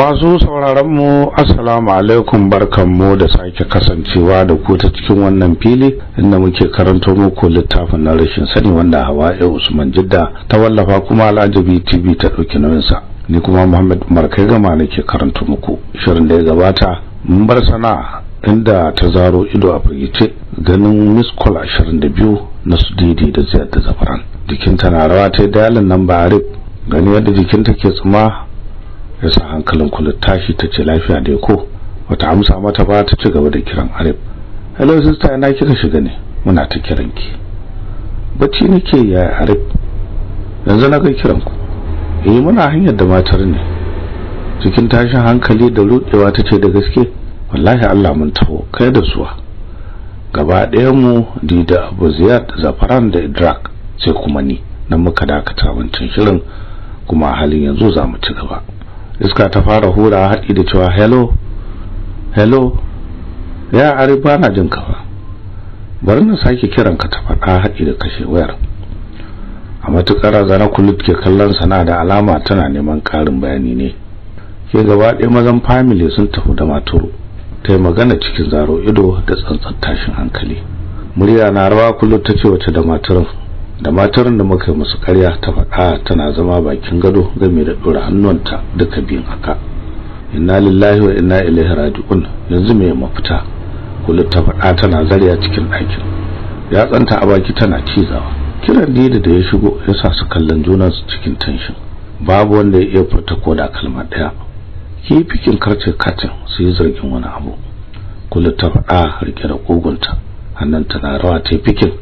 masu sauraronmu assalamu alaikum barkanmu da sake kasancewa da ku ta cikin wannan fili inda muke karanto muku littafin na rashin sani wanda ya usman jidda ta wallafa kuma al'ajabi tv ta ɗauki nauyinsa ni kuma muhammad umar kai gama nake karanto muku shirin da ya gabata mun bar sana'a inda ta zaro ido a firgice ganin miss call ashirin da biyu na su daidai da ziyar da zafaran jikinta na rawa ta dalin nan ba gani yadda jikinta ke tsuma ya sa hankalin kula tashi ta ce lafiya dai ko wata amsa mata ba ta ci gaba da kiran arif hello sister ina kika shiga ne muna ta kiran bacci nake ya arif yanzu na kai kiran ku eh muna hanyar da matar ne cikin tashin hankali da rudewa ta ce da gaske wallahi Allah mun taho kai da suwa gaba ɗayan mu dida Abu Ziyad Zafaran da Idrak sai kuma ni nan muka dakata wancan shirin kuma halin yanzu za mu ci gaba iska ta fara hura haɗi da cewa hello hello ya ari ba jin kafa. bari na sake kiran ka ta faɗa haɗi da kashe wayar a matuƙar zana kulut ke kallon sana da alama tana neman ƙarin bayani ne ke gaba ɗaya mazan family sun tafi da maturu ta yi magana cikin zaro ido da tsantsan tashin hankali murya na rawa kullum ta ce wace da maturin da matar da muka musu karya ta faɗa tana zama bakin gado game da ɗora hannunta duka biyun haka inna lillahi wa inna ilaihi raji'un yanzu me mafita kullu ta faɗa tana zariya cikin ɗakin ya tsanta a baki tana cizawa kiran dida da ya shigo ya sa su kallon juna su cikin tension babu wanda ya iya furta ko da kalma ɗaya ki fikin karce katin su yi zargin wani abu kullu ta faɗa rike da kogunta hannunta na rawa ta fikin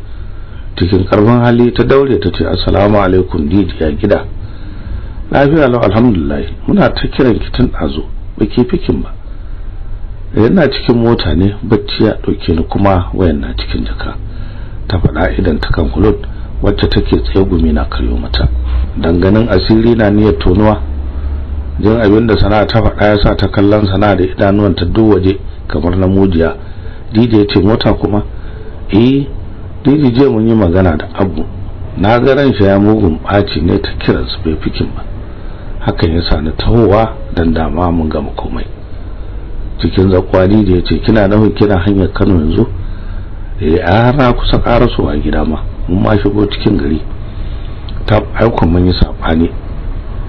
cikin karfin hali ta daure ta ce assalamu alaikum ya gida 'Na lafiya lau alhamdulillah muna ta kiran ki tun 'Ba ke fikin ba yana cikin mota ne bacci ya ɗauke ni kuma wayan na cikin jaka ta faɗa idan ta kan hulot wacce take tsaye gumi na karyo mata danganin asiri na niyyar tonuwa jin abin da sana'a ta faɗa ya sa ta kallon sana'a da idanuwan ta duk waje kamar na mujiya DJ ya ce mota kuma eh didi je mun yi magana da abu na ga ran shi ya mugun baci ne ta kiransu bai fikin ba hakan ya sani tahowa dan dama mun gama komai cikin zakwali da ya ce kina nufin kina hanyar kano yanzu ya eh, na kusa a gida ma mun ma shigo cikin gari ta aikon mun yi saɓani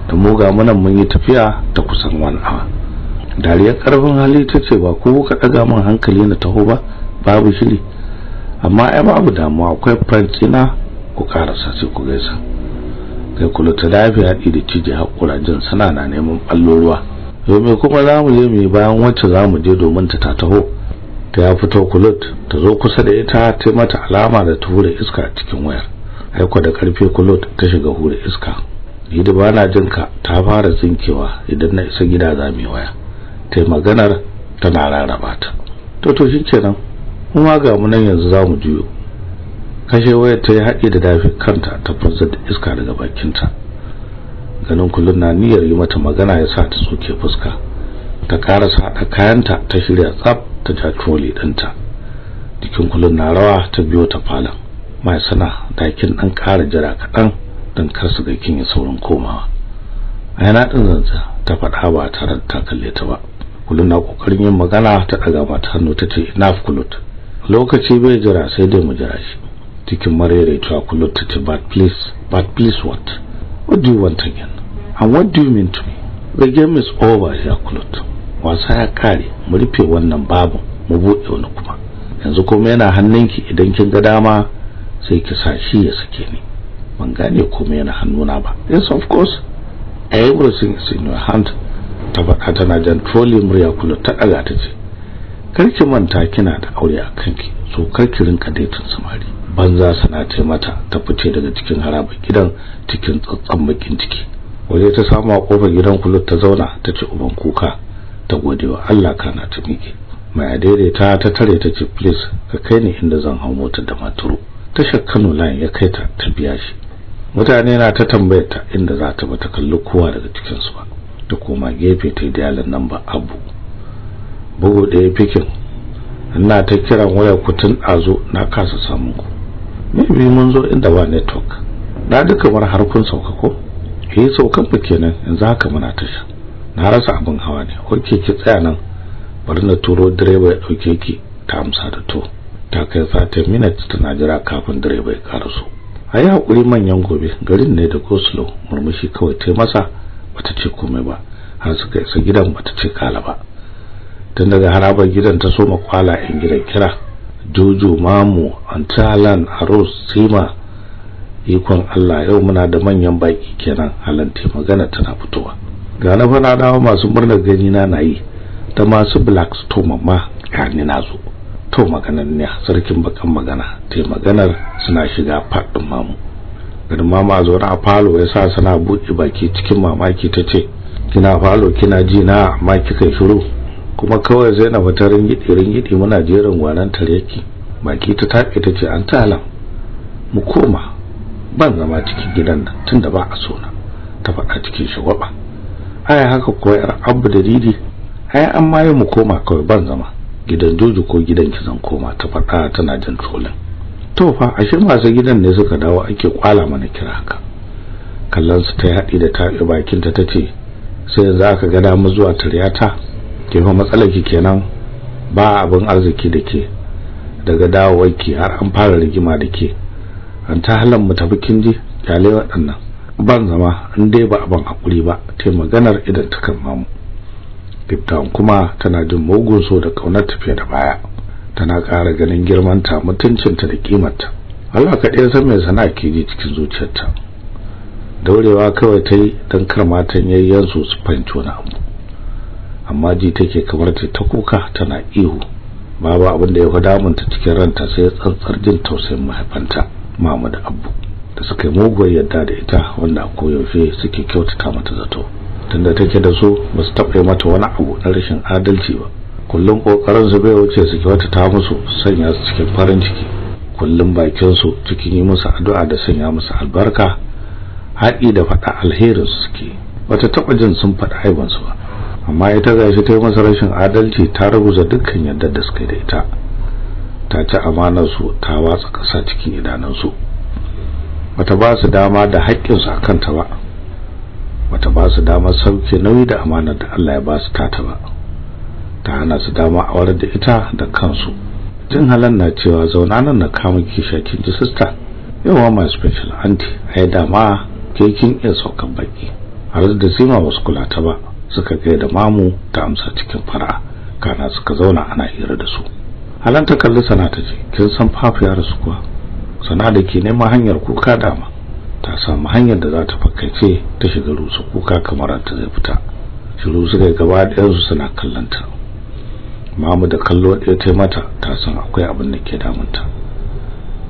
da mu ga munan mun yi tafiya ta kusan wani awa dariyar karfin hali tace ce ba ko ka ɗaga mun hankali na taho ba babu shiri amma ai babu damuwa akwai fantsina ku karasa sai ku gaisa kai kula ta lafiya haɗi da tije haƙura jin sana na neman ɓallo ruwa me kuma zamu je mu bayan wacce zamu je domin ta ta taho ta ya fito kulut ta zo kusa da ita ta mata alama da ta hura iska a cikin wayar aiko da karfe kulut ta shiga hura iska ni da bana jin ka ta fara tsinkewa idan na isa gida za mu yi waya tai maganar tana rarraba ta to to shikenan kuma ga mu nan yanzu za mu juyo kashe wayar ta yi haɗe da dafi kanta ta furzar da iska daga bakinta ganin kullum na niyyar yi mata magana ya sa ta soke fuska ta karasa haɗa kayanta ta shirya tsaf ta ja troli ɗinta jikin kullum na rawa ta biyo ta falon mai sana dakin ɗan ƙara jira kaɗan don kar su ga kin ya saurin komawa a yana ɗin zanta ta faɗa ba tare da ta kalle ta ba kullum na ƙoƙarin yin magana ta ɗaga mata hannu ta ce na kulut lokaci bai jira sai dai mu jira shi cikin marairetuwa kullum ta ce but please but please what what do you want again and what do you mean to me the game is over ya kulut wasa ya kare mu rufe wannan babu mu buɗe wani kuma yanzu kuma yana hannunki idan kin ga dama sai ki sa shi ya sake ni ban gane komai yana hannuna ba yes of course everything is in your hand Tabaka tana jan trolling murya kullu ta ɗaga ta ce karki manta kina da aure a kanki so karki rinka daitin samari banza sana ta mata ta fice daga cikin harabar gidan cikin tsatsan bakin ciki waje ta samu a kofar gidan kulut ta zauna ta ci uban kuka ta gode wa Allah kana ta miƙe mai daidaita ta tare ta ce please ka kai ni inda zan hau mota da maturu tashar Kano layin ya kai ta ta biya shi mutane na ta tambayar ta inda za ta bata kalli kowa daga cikin su ba ta koma gefe ta yi nan namba abu bugu da ya fikin ina ta kiran waya kutun azu na kasa samu ku maybe mun zo inda ba network na duka kamar harkun sauka ko eh saukan ku kenan yanzu haka muna tashi na rasa abin hawa ne ke ki tsaya nan bari na turo direba ya dauke ki ta amsa da to ta kai sata minutes tana jira kafin direba ya karaso ayi hakuri manyan gobe garin ne da slow murmushi kawai ta masa bata ce komai ba har suka isa gidan bata ce kala ba tun daga harabar gidan ta soma kwala in gidan kira jojo mamu antalan aros sima ikon Allah yau muna da manyan baki kenan halanta magana tana fitowa ga na fana dawo masu murna gani na yi, ta masu black storm ma karni na zo to maganar ne sarkin bakan magana te maganar suna shiga faɗin mamu garin mama zaune a falo ya sa suna buɗe baki cikin mamaki ta ce kina falo kina ji na amma kika shiru kuma kawai zainab ta ringide ringide muna jerin gwanan tareki baki ta take ta ce an tala mu koma ban zama cikin gidan nan tunda ba a so na ta faɗa cikin shagwaba aya haka kuwa yar abu da didi ai an maye mu koma kawai ban zama gidan jojo ko gidan zan koma ta faɗa tana jin tsolin to fa ashe masu gidan ne suka dawo ake kwala mana kira haka kallon su ta haɗi da taɓe bakinta ta tace sai yanzu aka gada mu zuwa taryata ke fa matsalar ki kenan ba abin arziki da ke daga dawowar ki har an fara rigima da ke an ta halan mu tafi kin ji kyale waɗannan ban zama an dai ba abin hakuri ba tai maganar idan ta kan mamu Kiftan kuma tana jin mugun so da kaunar tafiya da baya tana ƙara ganin girmanta mutuncinta da kimarta Allah kaɗai san mai sana ke ji cikin zuciyarta daurewa kawai ta yi don kar matan yayyansu su fahimci wani abu amma ji take kamar ta ta kuka tana ihu babu abin da ya mun ta cikin ranta sai tsantsar jin tausayin mahaifanta mamu da abu da suka yi muguwar yadda da ita wanda a koyaushe suke kyautata mata zato tunda take da su basu taɓa taɓa mata wani abu na rashin adalci ba kullum ƙoƙarin su bai wuce su kyautata musu sanya su cikin farin ciki kullum bakin su cikin yi musu addu'a da sanya musu albarka haɗi da faɗa alherin su suke wata taɓa jin sun faɗa haibansu ba amma ita gashi ta yi masa rashin adalci ta ruguza dukkan yadda da suka da ita ta ci su ta watsa ƙasa cikin idanunsu bata ba su dama da su a ta ba bata ba su damar sauke nauyi da amanar da Allah ya ba su tata ba ta hana su dama awar da ita da kansu jin halan na cewa zauna nan na kama kishakin ji sista yawa masu special auntie ai dama ke kin iya saukan baki har da sima ba su kula ta ba suka da mamu ta amsa cikin fara kana suka zauna ana hira da su halan ta kalli sana ta ce kin san fafu ya rasu kuwa sana da ke neman hanyar kuka dama ta samu hanyar da za ta fakkace ta shiga rusu kuka kamar ta zai fita shiru suka gaba gaba su suna kallonta mamu da kallo ɗaya ta mata ta san akwai abin da ke damun ta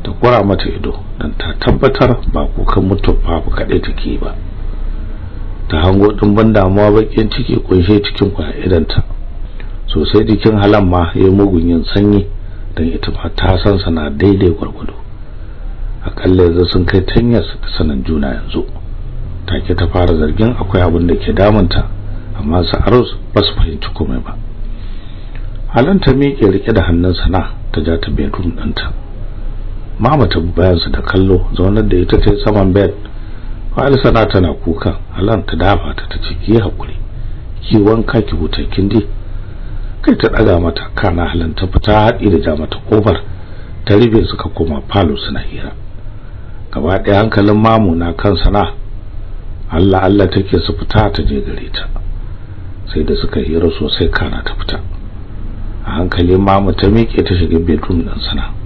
Ta kura mata ido don ta tabbatar ba kukan mutum fafu kaɗai take ba ta hango ban damuwa bakin ciki kunshe cikin kwa'idanta sosai jikin halan ma ya mugun yin sanyi dan ita ma ta san sana daidai gurgudu akalla yanzu sun kai tanyar sanin juna yanzu take ta fara zargin akwai abin da ke damunta amma arus ba su fahimci komai ba halan ta miƙe rike da hannun sana ta ja ta bedroom ɗinta mama ta bayansu da kallo zaunar da ita ta saman bed sana tana kuka Halan ta dafa ta ta tace ki hakuri ki wanka ki huta kin dai kai ta daga mata kana Halan ta fita haɗi da ja mata kofar ta ribe suka koma falo suna hira gaba ɗaya hankalin mamu na kan sana Allah Allah take su fita ta je gare ta sai da suka hira sosai kana ta fita a hankali mamu ta miƙe ta shiga bedroom ɗin sana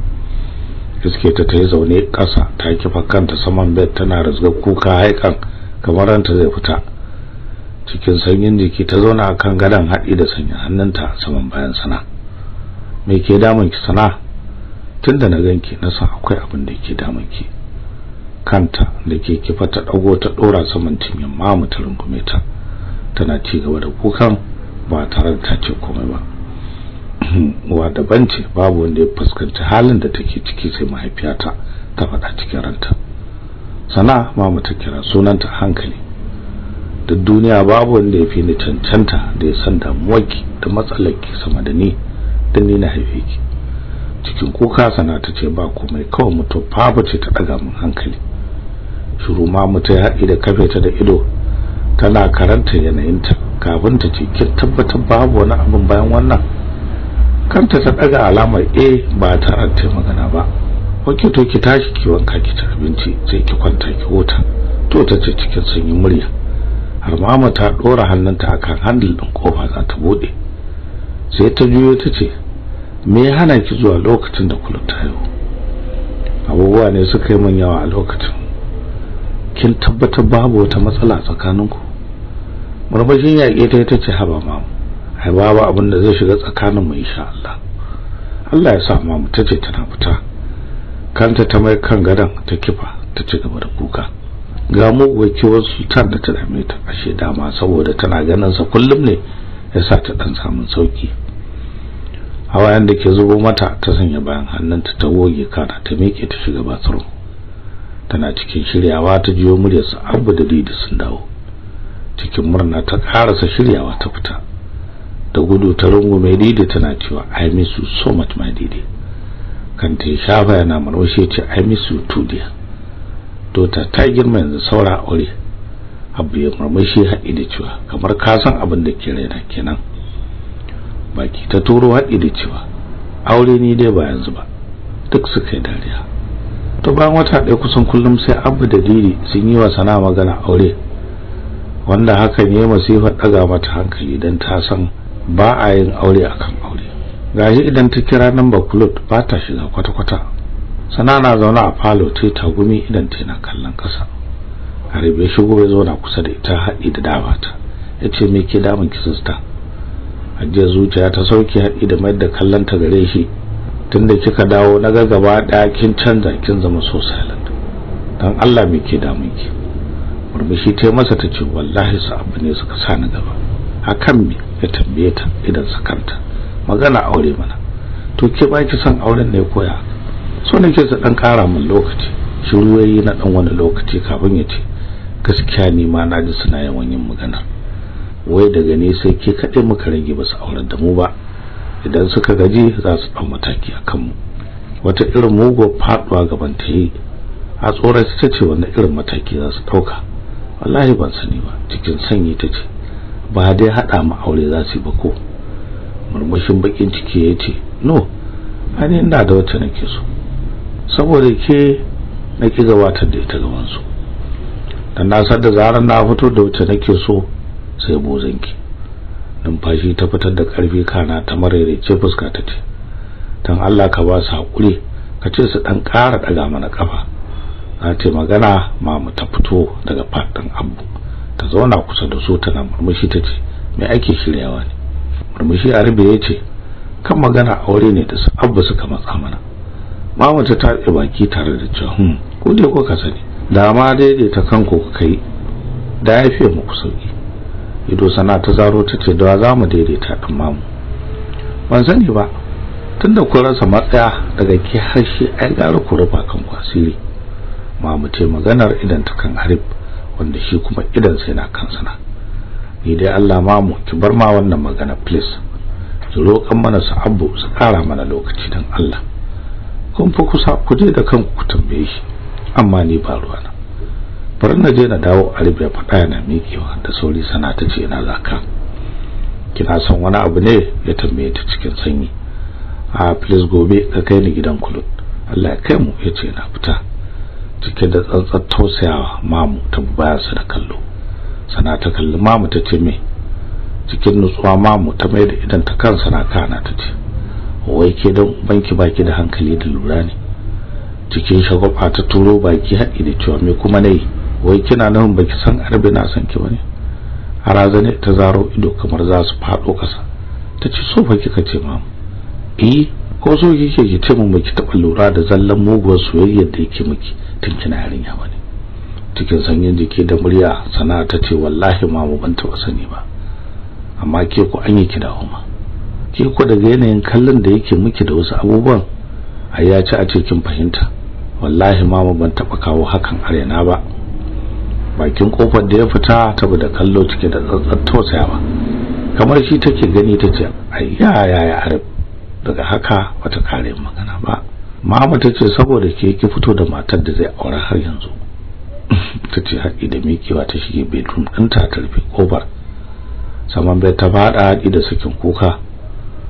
iske ta ta zaune ƙasa ta kifa kanta saman bed tana rasga kuka haikan kamar ranta zai fita cikin sanyin jiki ta zauna a kan gadon haɗi da sanya hannunta saman bayan sana me ke damun ki sana tunda na ganki na san akwai abin da ke damun ki kanta da ke kifa ta ɗago ta ɗora saman ma mamu ta rungume ta tana ci gaba da kukan ba tare da ta ce komai ba wa daban ce babu wanda ya fuskanci halin da take ciki sai mahaifiyata ta faɗa cikin ranta sana mama ta kira sunanta hankali da duniya babu wanda ya fi ni cancanta da ya san damuwarki da matsalarki sama da ni da ni na haife ki cikin kuka sana ta ce ba komai kawai mutu babu ce ta ɗaga min hankali shiru ma mu ya da kafe ta da ido tana karanta yanayinta kafin ta ce kin tabbatar babu wani abin bayan wannan kanta ta daga alamar a ba tare da magana ba wake to ki tashi ki wanka ki ci abinci sai ki kwanta ki huta to ta ce cikin sanyin murya har mama ta dora hannunta akan handle din kofa za ta bude sai ta juyo ta ce me ya hana ki zuwa lokacin da kullu ta yi abubuwa ne suka yi min yawa a lokacin kin tabbatar babu wata matsala tsakaninku murmushin yaƙe ta ita ce haba mamu ai babu abin da zai shiga tsakanin mu insha Allah Allah ya sa mamu tace tana fita kanta ta mai kan gadan ta kifa ta ci gaba da kuka ga mu wakewar tar da ta dame ta ashe dama saboda tana ganin sa kullum ne yasa ta dan samun sauki hawayen da ke zubo mata ta sanya bayan hannunta ta goge kana ta miƙe ta shiga bathroom tana cikin shiryawa ta jiyo muryarsa abu da didi sun dawo cikin murna ta karasa shiryawa ta fita da gudu ta rungume didi tana cewa i miss you so much my didi kanta ya shafa yana murmushi ce i miss you too dear dota ta girma yanzu saura aure abu ya murmushi haɗi da cewa kamar ka san abin da ke raina kenan baki ta turo haɗi da cewa aure ni dai ba yanzu ba duk suka yi dariya to bayan wata ɗaya kusan kullum sai abu da didi sun yi wa sana magana aure wanda hakan ya masifa ɗaga mata hankali don ta san ba a yin aure a kan aure gashi idan ta kira namba kulot ba ta shiga kwata-kwata sana na zaune a falo ta tagumi idan ta na kallon kasa harbe shigo ya zauna kusa da ita haɗi da dama ta ce me ke damun ki sister hajjiyar zuciya ta sauke haɗi da mayar da kallon ta gare shi tunda kika dawo na ga gaba ɗaya kin canza kin zama so silent dan Allah me ke damun ki murmushi ta masa ce, wallahi su abu ne suka sa ni gaba akan me ya tambaye ta idan kanta magana aure mana to ke ba ki son auren ne koya so nake sa dan kara min lokaci shiru yayi na dan wani lokaci kafin ya ce gaskiya ne ma na ji suna yawan yin magana wai daga ne sai ke kaɗai muka rage ba su auren da mu ba idan suka gaji za su dan mataki a kanmu wata irin mugo faduwa gaban ta yi a tsoron ta ce wani irin mataki za su ɗauka wallahi ban sani ba cikin sanyi ta ce ba dai hada mu aure za su ba ko murmushin bakin ciki ya ce no ani ina da wacce nake so saboda ke nake gabatar da ita gaban su dan na san da zaran na fito da wacce nake so sai bozanki numfashi ta fitar da karfi kana ta ce fuska ta ce dan Allah ka ba su hakuri ka ce su dan ƙara daga mana kafa na ce magana mu ta fito daga fadin abu ta zauna kusa da su tana murmushi ta ce mai ake shiryawa ne murmushi arabe ya ce kan magana aure ne da abba suka matsa mana mamata ta tsaye baki tare da cewa hmm ko dai kuka sani Dama ma daidaita kanku ku kai da ya fiye muku sauki ido sana ta zaro ta ce da za mu daidaita ɗin mamu ban sani ba tunda ku rasa matsaya daga ke harshe ai gara ku rufa kan kwasiri mamu ce maganar idan ta kan harib wanda shi kuma idan sai na kansana ni dai Allah ma mu ki bar ma wannan magana please ki roƙan mana su abu su ƙara mana lokaci dan Allah kun fi kusa ku je da kanku ku tambaye shi amma ni ba ruwa na bari na je na dawo Arabiya faɗa yana miƙewa da sauri sana ta ce yana zaka kina son wani abu ne ya tambaye ta cikin sanyi a ah, please gobe ka kai ni gidan kulut Allah ya kai mu ya ce na fita cike da tsantsar tausayawa mamu ta baya su da kallo sana ta kalli mamu ta ce me cikin nutsuwa mamu ta mai da idan ta kansa na kana ta ce wai ke don banki baki da hankali da lura ne cikin shagwaba ta turo baki haɗi da cewa me kuma nayi wai kina nan baki san arbe na san ki bane harazane ta zaro ido kamar za su faɗo ƙasa ta ce so baki kika ce mamu eh ko so kike ki ce mu miki taɓa lura da zallan muguwar soyayyar da yake miki tun kina yarinya bane cikin sanyin jiki da murya sana ta ce wallahi ma mu ban taɓa sani ba amma ke ku an yi ki da ke ku daga yanayin kallon da yake miki da wasu abubuwan ai ya ci a cikin fahimta wallahi ma ban taɓa kawo hakan arena ba bakin kofar da ya fita ta da kallo cike da sai ba kamar shi take gani tace ya ya arab daga haka wata kare magana ba mama ta ce saboda ke ki fito da matar da zai aure har yanzu ta ce haƙi da mikewa ta shige bedroom ɗin ta tarfe koba saman bai ta faɗa haɗi da sakin kuka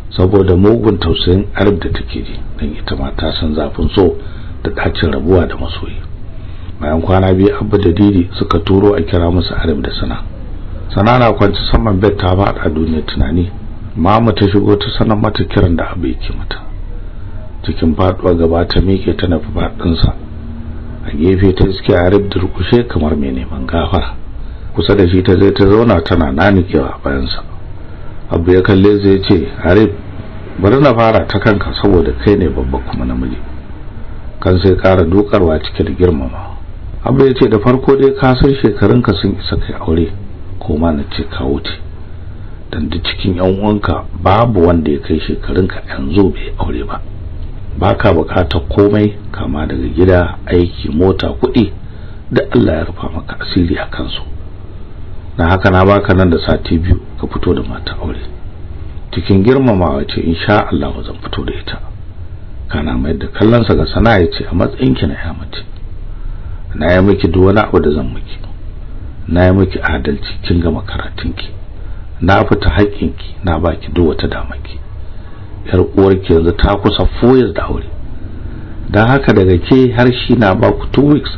saboda mugun tausayin arab da take ji don ita ma ta san zafin so da ɗacin rabuwa da masoyi bayan kwana biyu abba da didi suka turo a kira musu arab da sana sana na kwanci saman bed ta faɗa duniya tunani Mama ta shigo ta sanar mata kiran da abu yake mata cikin faduwa gaba ta mike ta nufi fadinsa a gefe ta iske a rib durkushe kamar mai neman gafara kusa da shi ta zai ta zauna tana nanikewa bayansa abu ya kalle zai ce harib bari na fara ta kanka saboda kai ne babba kuma namiji kan sai ƙara dukarwa cikin girmama abu ya ce da farko dai ka san shekarunka sun isa kai aure ko ma na ce ka wuce dan cikin yan uwanka babu wanda ya kai shekarunka yanzu bai aure ba baka bukatar komai kama daga gida aiki mota kuɗi da Allah ya rufa maka asiri a kansu na haka na baka nan da sati biyu ka fito da mata aure cikin girmamawa ce insha Allah zan fito da ita kana mai da kallonsa ga sana'a yace a matsayinki na 'yamati? na yi miki duk wani abu da zan miki na yi miki adalci kin gama ga ki. na fita haƙƙinki na baki duk wata damaki yar uwarki yanzu ta kusa foyar da aure dan haka daga ke har shi na baku ku 2 weeks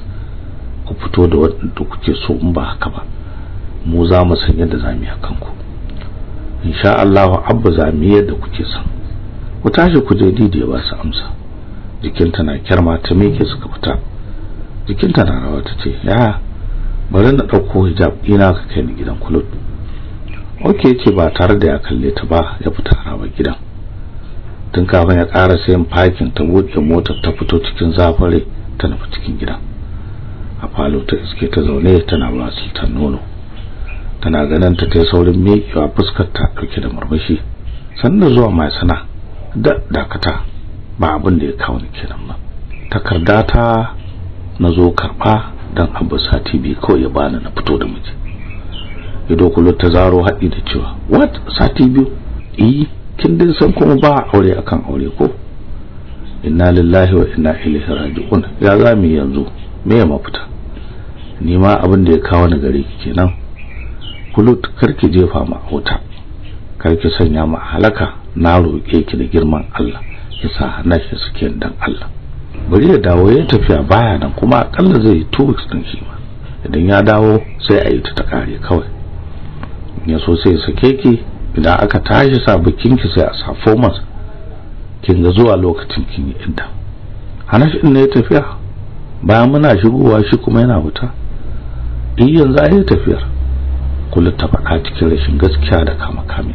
ku fito da wanda kuke so in ba haka ba mu za mu san yadda za mu yi akan ku insha Allah abba zamu yi yadda kuke son ku tashi ku je didi ya ba su amsa jikinta na kyarma ta meke suka fita jikinta na rawa ta ce ya bari na ɗauko hijab ina ka kai ni gidan kulutu oke ce ba tare da ya kalle ta ba ya fita ba gidan tun kafin ya ƙara sayan fakin ta buɗe motar ta fito cikin zafare ta nufi cikin gidan a falo ta iske ta zaune tana ba sultan nono tana ganin ta ta saurin miƙewa fuskar ta ɗauke da murmushi sannan zuwa mai sana da dakata ba abin da ya kawo ni kenan ba takarda ta na zo karɓa don abu sati biyu kawai ya bani na fito da miji ido kulo ta zaro haɗi da cewa what sati biyu eh kin din san kuma ba aure akan aure ko inna lillahi wa inna ilaihi raji'un ya za mu yanzu me ya mafita ni ma abin da ya kawo ni gare ki kenan kulut karki jefa mu a wuta ki sanya ma halaka na roƙe ki da girman Allah sa sa shi suke dan Allah bari ya dawo ya tafiya baya nan kuma akalla zai 2 weeks din shi ma idan ya dawo sai a yi ta kare kawai ya so sai sake ki idan aka tashi sa bikin ki sai a sa formal kin ga zuwa lokacin kin yi idda Hanash shi ne ya tafiya bayan muna shigowa shi kuma yana wuta din yanzu ai tafiyar kullu ta faɗa cikin rashin gaskiya da kama kame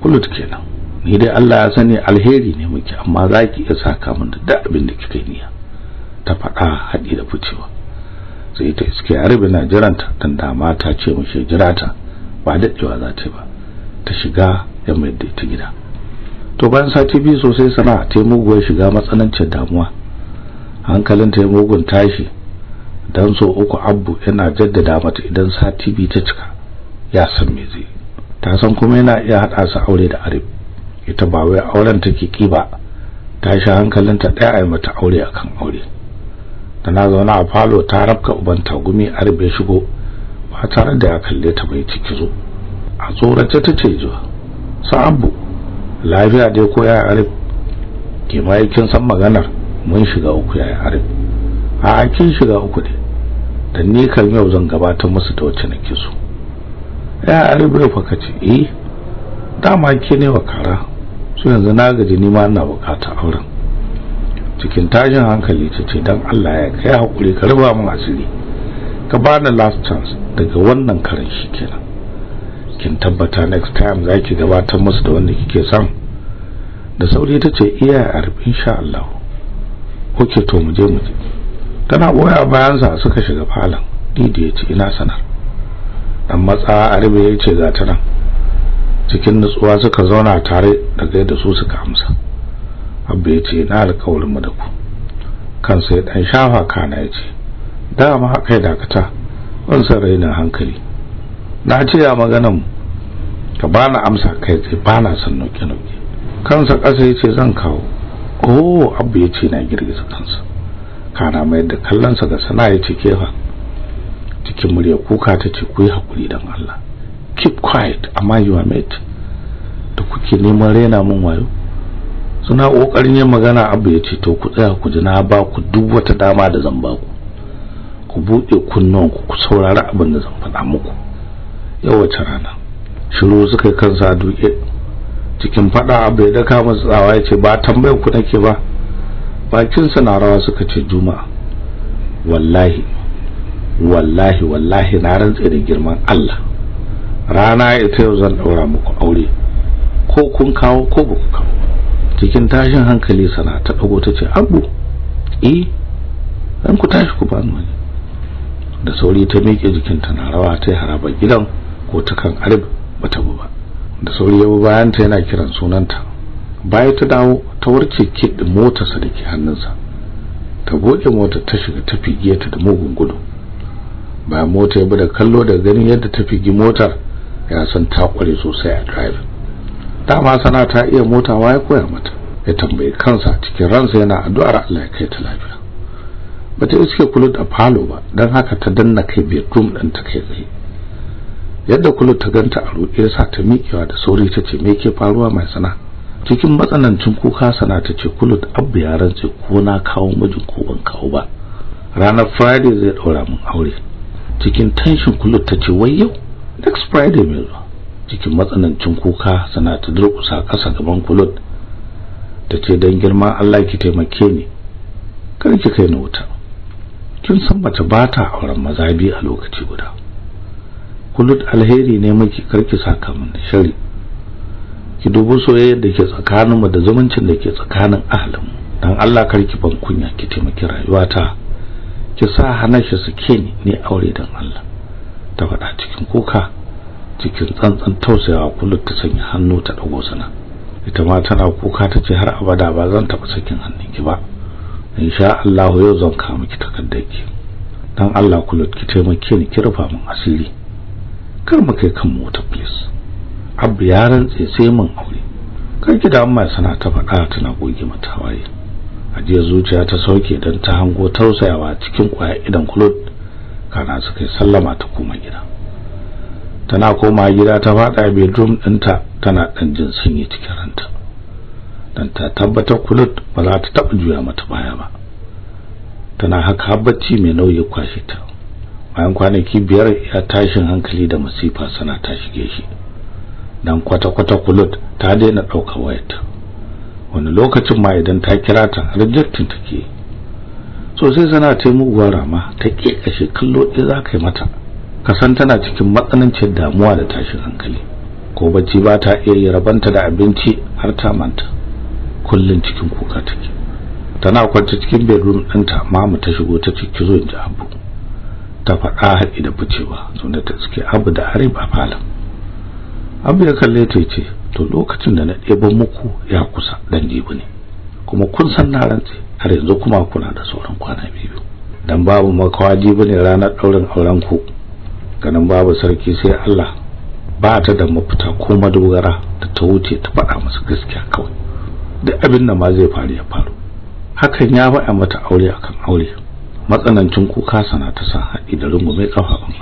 kullu kenan ni dai Allah ya sani alheri ne muke amma zaki iya saka min da duk abin da kika niyya ta faɗa haɗi da ficewa sai ta iske harbi na jiranta tunda mata ce mu jira ta ba daɗewa za ta yi ba ta shiga ya mai ta gida to bayan sati biyu sosai sana ta yi muguwar shiga matsanancin damuwa hankalin ta yi mugun tashi don so uku abu yana jaddada mata idan sati biyu ta cika ya san me zai ta san kuma yana iya haɗa su aure da arif ita ba wai auren take ki ba ta shi hankalinta ɗaya a yi mata aure akan aure tana zauna a falo ta rabka uban tagumi arif ya shigo A tare da ya kalle ta bai ciki zo a tsorace ta ce zuwa sa'abu lafiya dai ko ya arif ke mai kin san maganar mun shiga uku ya arif a kin shiga uku ne dan ni kan yau zan gabatar musu da wacce nake so ya arif ya faka ce eh dama ke ne wa kara su yanzu na gaji ni ma ina bukata auren cikin tashin hankali ta ce don Allah ya kai hakuri ka raba mun asiri ka bani last chance daga wannan karin kenan, kin tabbata next time za ki gabatar musu da wanda kike son da sauri ce iya arbi insha Allah kuke to mu je mu je tana boya bayan sa suka shiga falon didi ce ina sanar dan matsa a ya ce ga ta nan cikin nutsuwa suka zauna tare da gaida su suka amsa abba ce na alƙawarin mu da ku Kan sai dan shafa kana ya ce. dama haka dakata ban san raina hankali na ce ya maganan ka ni amsa kai ba bana son noke noke kansa ƙasa yace zan kawo oh abu yace na girgiza kansa kana mai da kallonsa ga sana yace fa cikin murya kuka ta ce ku yi hakuri dan Allah keep quiet amma you are mate da kuke neman raina mun wayo suna kokarin yin magana abu yace to ku tsaya ku ji na ba ku duk wata dama da zan ba ku ku buɗe kunnuwanku ku saurari abin da zan faɗa muku yau wace rana shiru suka yi kansa a duke cikin faɗa abu ya daka masu tsawa ya ce ba tambayar ku nake ba bakinsa na rawa suka ce juma'a wallahi wallahi wallahi na rantse da girman Allah rana ita yau zan ɗaura muku aure ko kun kawo ko ba ku kawo cikin tashin hankali sana ta ɗago ta ce abu eh ɗan ku tashi ku bani wani da sauri ta miƙe jikinta na rawa ta yi harabar gidan ko ta kan arib ta bu ba da sauri ya bayan ta yana kiran sunanta baya ta dawo ta warce kit motarsa da ke hannunsa ta buɗe motar ta shiga ta fige ta da mugun gudu bayan mota ya bi da kallo da ganin yadda ta fige motar ya san ta kware sosai a drive dama sana ta iya motawa ya koya mata ya tambayi kansa cikin ransa yana addu'ar Allah ya kai ta lafiya bata iske kulut a falo ba don haka ta danna kai bedroom ɗin ta kai tsaye yadda kulut ta ganta a ruɗe sa ta mikewa da sauri ta ce me ke faruwa mai sana cikin matsanancin kuka sana ta ce kulut abu ya rantse ko na kawo mijin ko ban kawo ba ranar friday zai ɗaura min aure cikin tension kulut ta ce wai yau next friday mai zuwa cikin matsanancin kuka sana ta durƙusa ƙasa gaban kulut ta ce don girma allah ki taimake ni kar ki kai na wuta kin san mace ba ta auren maza biyu a lokaci guda Kullum alheri ne miki karki saka min shari ki dubo soyayyar da ke tsakanin mu da zumuncin da ke tsakanin ahlin dan Allah karki ban kunya ki taimaki rayuwata ki sa hanashi suke ni ne aure dan Allah ta faɗa cikin kuka cikin tsantsan tausayawa kullum ta sanya hannu ta ɗago sana ita ma tana kuka ta ce har abada ba zan taɓa sakin hannunki ba insha Allah yau zan kawo miki takardar ki dan Allah ku ki taimake ni ki rufa min asiri kar mu kai kan mota please abu ya rantse sai mun aure kar ki da amma sana ta faɗa tana goge mata waye aje zuciya ta sauke dan ta hango tausayawa cikin kwaya idan kulut kana su kai sallama ta koma gida tana koma gida ta faɗa bedroom ɗinta tana ɗan jin sunyi cikin ranta dan ta tabbatar kulut ba za ta taba juya mata baya ba tana haka habbaci mai nauyi kwashe ta bayan kwanaki biyar ya tashin hankali da masifa sana ta shige shi dan kwata-kwata kulut ta daina ɗaukar wayarta wani lokacin ma idan ta kira ta rejectin take so sai sana ta yi muguwar rama ta kashe kallo ɗaya za ka yi mata kasan tana cikin matsanancin damuwa da tashin hankali ko bacci ba ta iya yi rabanta da abinci har ta manta kullun cikin kuka take tana kwanta cikin bedroom ɗinta mu ta shigo ta ce zo inji abu ta faɗa haƙi da ficewa zaune ta cike abu da hari ba falon abu ya kalle ta ce to lokacin da na ɗebo muku ya kusa dan jibi ne kuma kun san na rantse har yanzu kuma kuna da sauran kwana biyu dan babu makawa bane ne ranar ɗaurin auren ku ganin babu sarki sai Allah ba ta da mafita ko madogara da ta wuce ta faɗa musu gaskiya kawai duk abin da ma zai faru ya faru hakan ya faɗa mata aure a kan aure matsanancin kuka sana ta sa haɗi da rungume kafafun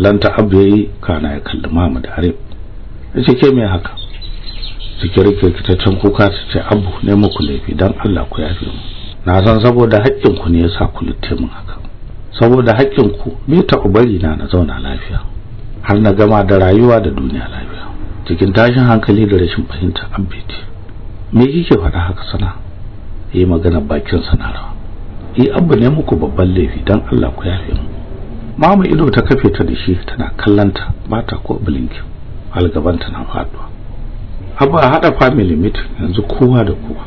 abu ta abu yayi kana ya kalli mama da arif ce ke me haka take rike fitaccen kuka ta ce abu ne muku laifi don Allah ku yafe mu na san saboda haƙƙin ku ne yasa ku lutte mun haka saboda haƙƙin ku taɓa ta na na zauna lafiya har na gama da rayuwa da duniya lafiya cikin tashin hankali da rashin fahimta abbeti me kike faɗa haka sana maganar magana bakin sanara yi Abba ne muku babban laifi dan Allah ku yafe mu mama ido ta kafe ta da shi tana kallanta ba ta ko bilinki ta na faduwa abu a haɗa family meet yanzu kowa da kowa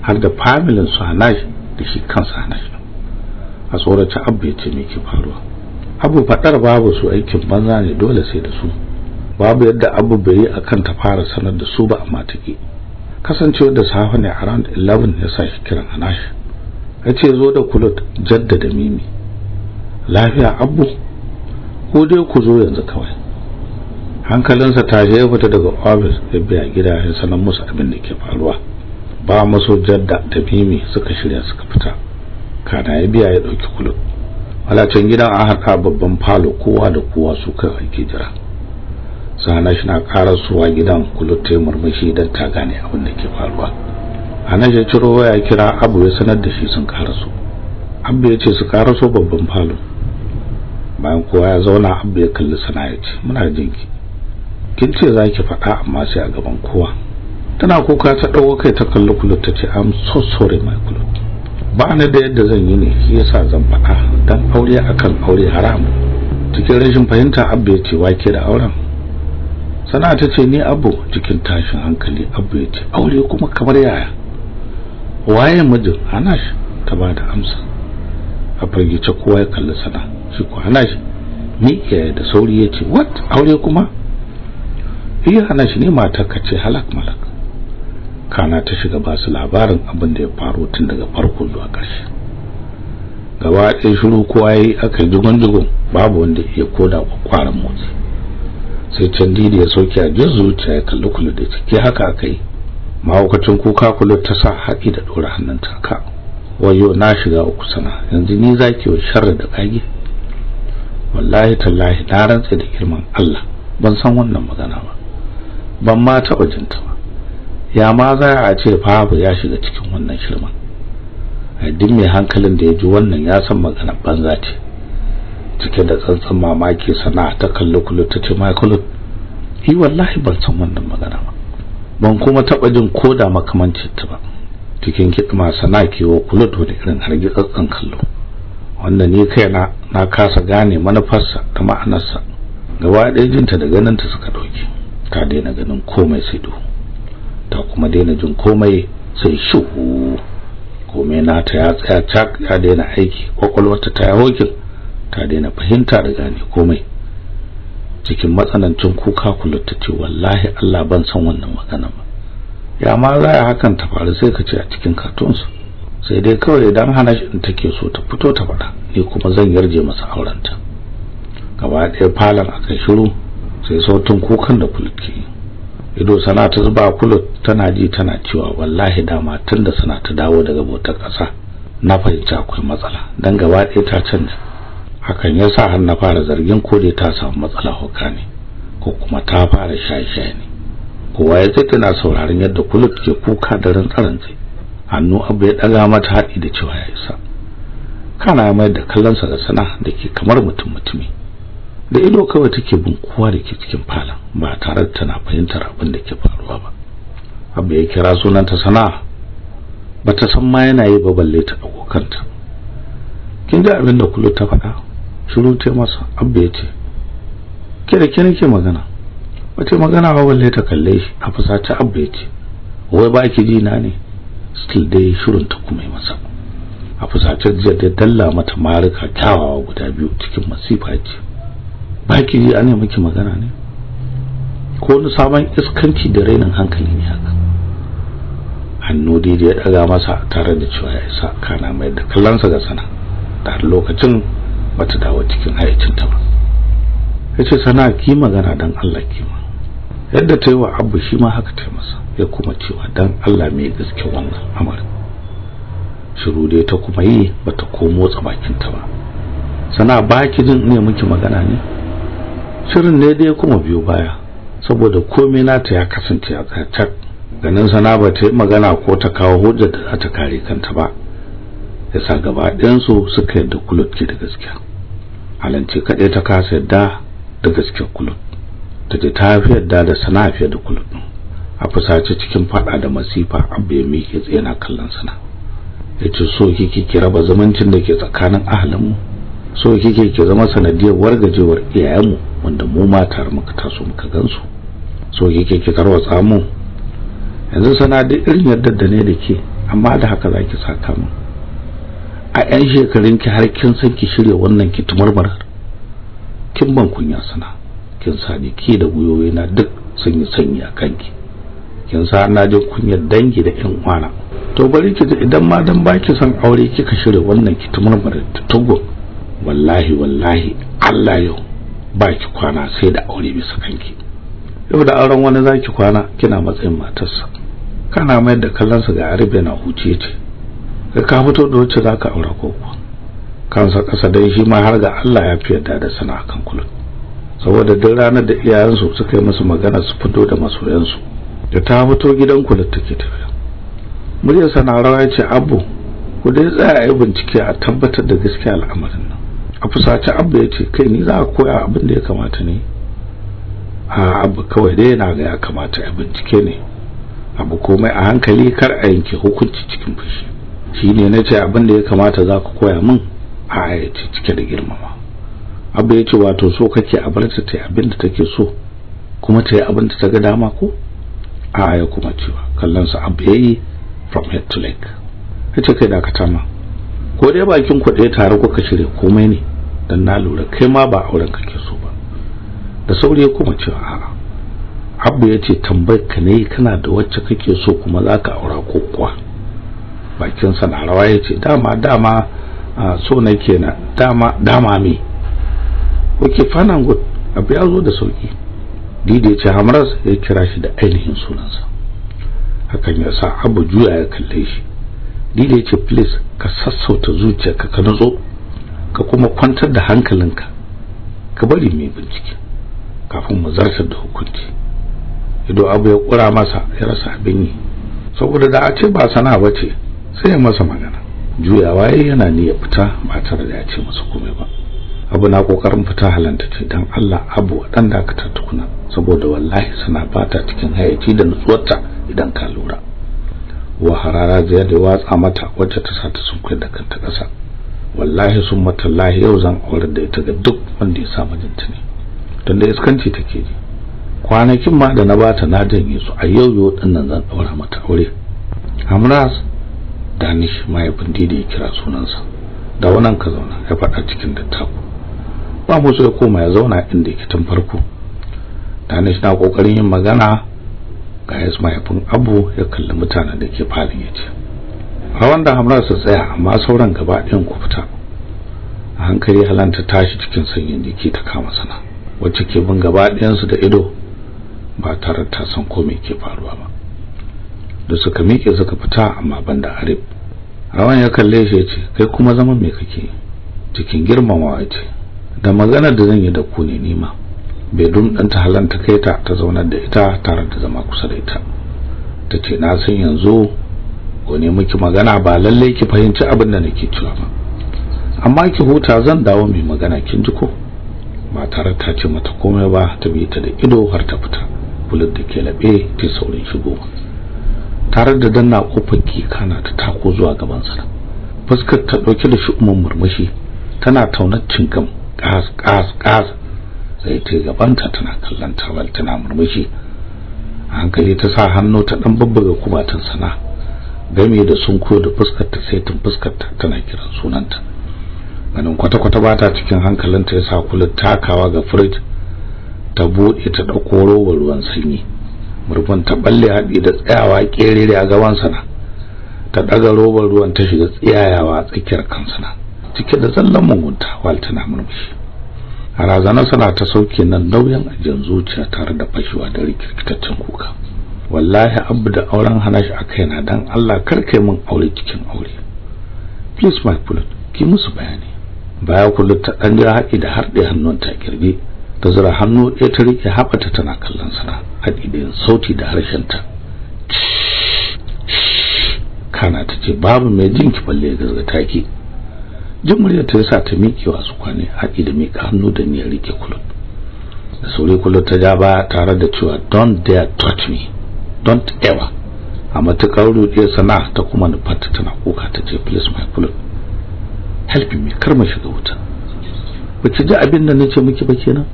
har da familin su hanashi da shi kansa hanashi a tsorata Abba ya ce me ke faruwa abu faɗar babu su aikin banza ne dole sai da su babu yadda abu bai yi akan ta fara sanar da su ba amma take kasancewar da safe ne around 11 ya shi kiran Anash ya ce zo da kulot jaddada mimi lafiya abu ko dai ku zo yanzu kawai hankalinsa ta ya fita daga ofis ya biya gida ya sanar musu abin da ke faruwa ba maso jadda da mimi suka shirya suka fita kana ya biya ya ɗauki kulot halacin gidan an haka babban falo kowa da kowa su aike jira suka hana shi na karasuwa gidan kulutte murmushi don ta gane abin da ke faruwa hana shi ciro waya kira abu ya sanar da shi sun karaso abu ya ce su karaso babban falo bayan kowa ya zauna abu ya kalli sana ya ce muna jinki kin ce za ki faɗa amma sai a gaban kowa tana kuka ta ɗauko kai ta kalli kulut ta ce am so sorry my kulut ba ni da yadda zan yi ne shi yasa zan faɗa dan aure akan aure haramu. cikin rashin fahimta abba ya ce wake da auren sana ta ce ni abu cikin tashin hankali abu ya ce aure kuma kamar yaya waye mijin shi ta ba da amsa a fargice kowa ya kalli sana shi ko shi ni yaya da sauri ya ce what aure kuma iya shi ne matar ka ce halak malak kana ta shiga ba su labarin abin da ya faru tun daga farkon zuwa ƙarshe gaba ɗaya shiru kowa ya yi aka yi jugon-jugon babu wanda ya koda kwaran motsi sai can didi ya soke a jin zuciya ya kalli kula da ciki haka aka yi. mahaukacin kuka kula ta sa haƙi da ɗora hannun ka wayo na shiga uku sana yanzu ni zaki wa sharri da ƙage wallahi tallahi na rantse da girman Allah ban san wannan magana ba ban ma taɓa jinta ba ya ma za a ce babu ya shiga cikin wannan shirman A mai hankalin da ya ji wannan ya san magana banza ce cike da tsantsan mamaki sana ta kalli kullu ta ce michael yi wallahi ban san wannan magana ba ban kuma taba jin koda makamancin ta ba cikin kidma sana kullu to da irin tsantsan kallo wannan ya kai na na kasa gane manufarsa da ma'anarsa gaba ɗaya jinta da ta suka ɗauki ta daina ganin komai sai duhu ta kuma daina jin komai sai shuhu komai na yatsa ya tsaya cak ya daina aiki kwakwalwarta ta yi hokin ta daina fahimta da gane komai cikin matsanancin kuka kullu ta ce wallahi Allah ban san wannan magana ba ya ma za a hakan ta faru sai ka ce a cikin katonsu sai dai kawai idan hana shi take so ta fito ta faɗa ni kuma zan yarje masa aurenta gaba ɗaya falon akan shiru sai sautin kukan da kulut ke ido sana ta zuba kulut tana ji tana cewa wallahi dama tun da sana ta dawo daga bautar ƙasa na fahimta akwai matsala Dan gaba ɗaya ta canja. hakan ya sa har na fara zargin ko dai ta samu matsala hauka ne ko kuma ta fara shaye-shaye ne kowa ya tsaye tana sauraron yadda kulub ke kuka da rantsarance, hannu abu ya ɗaga mata haɗi da cewa ya isa kana ya mayar da sa da sana da ke kamar mutum mutumi da ido kawai take bin kowa da ke cikin falon ba tare da tana fahimtar abin da ke faruwa ba abu ya kira sunanta sana bata san ma yana yi ba balle ta abokanta. kanta kin ji abin da ta faɗa shiru ta masa abba ya ce ke da ke magana wace magana ba balle ta kalle shi a fusace abba ya ce wai ba ki ji na ne still dai shirin ta kuma yi masa a fusace jiya da dalla mata marika kyawawa guda biyu cikin masifa ce ba ki ji ana miki magana ne ko wani sabon iskanci da rainin hankali ne haka hannu daidai ya daga masa tare da cewa ya isa kana mai da kallonsa ga sana da lokacin Bata dawo cikin hayyacinta ba yace ce sana ki magana dan Allah kima yadda ta yi wa abu shi ma haka ta masa ya kuma cewa Dan Allah mai gaske wannan amar shiru dai ta kuma yi ba ta ko ba sana baki ne miki magana ne shirin ne dai kuma biyo baya saboda komai na ta ya kasance a tsayatar ganin sana ba ta yi magana ko ta kawo hujjar da za ta kare kanta ba yasa gaba su suka yadda kulut ke da gaskiya halance kaɗai ta kasa yadda da gaskiyar kulut ta ce ta fi yadda da sana fiye da kulut a fusace cikin faɗa da masifa abu ya miƙe tsaye kallon sana ya ce so kike ki raba zamancin da ke tsakanin ahalinmu so kike ki zama sanadiyar wargajewar iyayenmu wanda mu mata muka taso muka gansu so kike ki tarwatsa mu yanzu sana duk irin yadda da ne da ke amma da haka za ki saka mu a yan shekarun ki har kin san ki shirya wannan ki tumarmar kin ban kunya sana kin sani ke da guyoyi na duk sun sanyi a kanki kin sa na jin kunyar dangi da 'yan kwana. to bari ki idan ma dan baki san aure kika shirya wannan ki tumarmar tugo wallahi wallahi Allah yau baki kwana sai da aure bisa kanki yau da auren wani zaki kwana kina matsayin matarsa kana mayar da kallonsa ga Arabiya na huce ce da ka fito da wacce za ka aure ko kansa ƙasa dai shi ma har ga Allah ya fi yadda da sana kan kullum saboda duk ranar da iyayensu suka yi musu magana su fito da masoyansu da ta fito gidan kula take tafiya muryar sana rawa ce abu ku dai tsaya yi bincike a tabbatar da gaskiya al'amarin nan a fusace abu ya ce kai ni za a koya abin da ya kamata ne a abu kawai dai yana ga ya kamata a bincike ne abu komai a hankali kar a yanke hukunci cikin fushi shine na ce abin da ya kamata za ku koya min a ayyace cike da girmama abu ya ce wato so kake a barta ta tayi abin da take so kuma ta yi abin da ta ga dama ko a ya kuma cewa kallon sa abu yayi from head to leg yace kai da ka ma ko dai bakin ku ɗaya tare kuka shirya komai ne dan na lura kai ma ba auren kake so ba da sauri ya kuma cewa a'a abu ya ce tambayar ka ne kana da wacce kake so kuma za ka aura ko kuwa bakinsa na rawa ya ce dama dama so na kenan dama dama me ok fanan gud abu ya zo da sauki didi ce hamras ya kira shi da ainihin sunansa hakan ya sa abu juya ya kalle shi didi ce please ka sassauta zuciyarka ka nutso ka kuma kwantar da hankalinka ka bari mai bincike kafin mu zartar da hukunci ido abu ya kura masa ya rasa abin yi saboda da a ce ba sana ba ce sai ya masa magana juyawa yayi yana niyyar fita ba tare da ya ce masa komai ba abu na kokarin fita halanta ce dan Allah abu dan da ka tattukuna saboda wallahi suna bata cikin hayaci da nutsuwarta idan ka lura wa harara zai da watsa mata wacce ta sa ta sunkuya da kanta kasa wallahi sun matallahi yau zan aure da ita ga duk wanda ya samu jinta ne da iskanci take ji kwanakin ma da na bata na janye su a yau yau dinnan zan aure mata aure Hamras danish mahaifin didi ya kira sunansa da wannan ka zauna ya faɗa cikin dattako ba mu ya koma ya zauna inda yake tun farko danish na kokarin yin magana ga yas mahaifin abu ya kalli mutanen da ke falin ya ce a wanda hamra su tsaya amma sauran gaba ɗayan ku fita a hankali halanta tashi cikin sanyin jiki ta kama sana wacce ke bin gaba ɗayansu da ido ba tare ta san ko me ke faruwa ba da suka miƙe suka fita amma banda arif rawan ya kalle shi yace ce kai kuma zama me kake cikin girmamawa ce da maganar da zan yi da ku ne nima bai ta halanta kai ta ta zaunar da ita tare da zama kusa da ita ta ce na san yanzu ko ne miki magana ba lallai ki fahimci abin da nake cewa ba amma ki huta zan dawo mai magana kin ji ko ba tare ta ce mata komai ba ta bi ta da ido har ta fita bullet da ke laɓe ta saurin shigo. tare da danna kofar kana ta tako zuwa gabansa fuskar ta dauke da shi'umin murmushi tana taunar cinkam kas kas kas sai ta gabanta tana kallon ta tawal tana murmushi hankali ta sa hannu ta dan babbaga kubatun sana game da sunko da fuskar ta sai tun fuskar ta tana kiran sunanta ganin kwata-kwata bata cikin hankalinta ya sa kullu takawa ga fridge ta bude ta dauko robar ruwan sanyi murfin ta balle haɗi da tsayawa ƙerere a gabansa na ta ɗaga robar ruwan ta shiga tsayayawa a tsakiyar kansa na cike da zallan mugunta waltana murmushi a razanarsa sana ta sauke nan nauyin ajiyar zuciya tare da fashewa da rikirkitaccen kuka wallahi abu da auren hana shi a kaina don allah kar kai mun aure cikin aure please my pilot ki musu bayani baya kullum ta ɗan jira haƙi da harɗe hannun ta girbe ta zura hannu ɗaya ta rike haɓata tana kallon sana haɗi ɗiɗin sauti da harshenta kana ta ce babu mai jin ki balle gazga take jin murya ta yasa ta miƙewa su kwane haɗi da miƙa hannu da niyar rike kulut da sauri kulut ta ja ba tare da cewa don't dare touch me don't ever a matuƙar rudiya sana ta kuma nufarta tana kuka ta ce please my kulut help me kar mu shiga wuta ba ji abin da ce miki ba kenan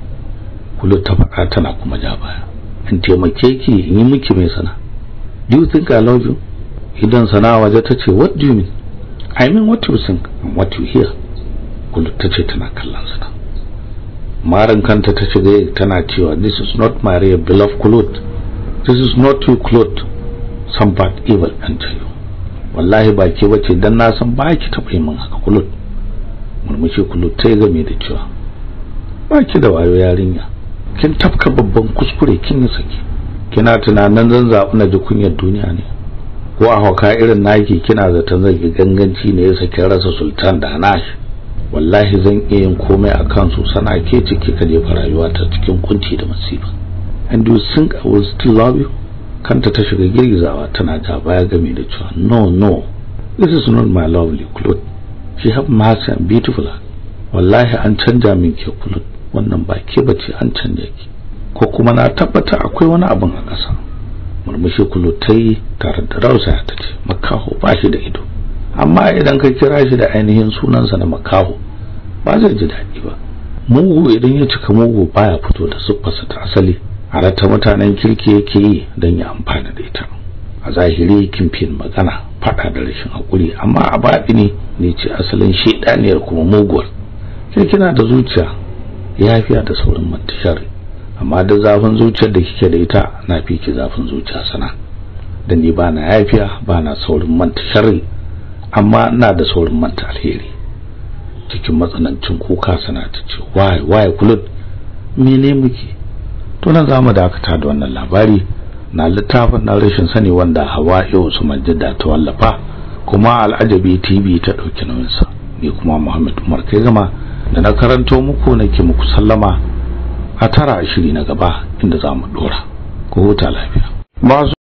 Kulu ta faɗa tana kuma ja baya. In taimake ki in yi miki mai sana. Do you think I love you? Idan sana waje ta ce what do you mean? I mean what you think and what you hear. Kulu ta ce tana kallon sana. Marin kanta ta shiga tana cewa this is not my real beloved Kulut. This is not you Kulut. Some bad evil enter you. Wallahi ba ke bace dan na san ba ki taɓa yi min haka Kulut. Murmushi Kulut ta yi game da cewa ba ki da wayo yarinya kin tafka babban kuskure kin yi saki kina tunanin zan zaɓi na ji kunyar duniya ne ko a hauka irin naki kina zaton zan yi ganganci ne ya saki rasa sultan da nashi wallahi zan iya yin komai a kansu sana ke ciki ka jefa rayuwa ta cikin kunci da masifa and you think I was still love you kanta ta shiga girgizawa tana ta baya game da cewa no no this is not my lovely clothes she have mass and beautiful wallahi an canja min ke clothes wannan ba ke bace an canja ki ko kuma na tabbata akwai wani abin a ƙasa murmushi kulutai tare da rausa ta ce makaho ba shi da ido amma idan ka kira shi da ainihin sunansa na makaho ba zai ji daɗi ba mugu idan ya cika mugu baya fito da siffarsa ta asali A rata mutanen kirki yake yi don ya amfana da ita a zahiri kimfin magana faɗa da rashin hakuri amma a baɗi ne ce asalin shedaniyar kuma muguwar sai kina da zuciya yafiya da saurin mantishar amma da zafin zuciyar da kike da ita na fi ki zafin zuciya sana da ni ba na yafiya ba na saurin mantishar amma ina da saurin manta alheri cikin matsanancin kuka sana ta ce wai wai kulut mene muke to nan zamu dakata da wannan labari na littafin na rashin sani wanda hawa yau su majida ta wallafa kuma al'ajabi tv ta dauki nauyinsa ni kuma muhammad umar kai gama da na karanto muku nake muku sallama a tara ashiri na gaba inda za mu dora ku huta lafiya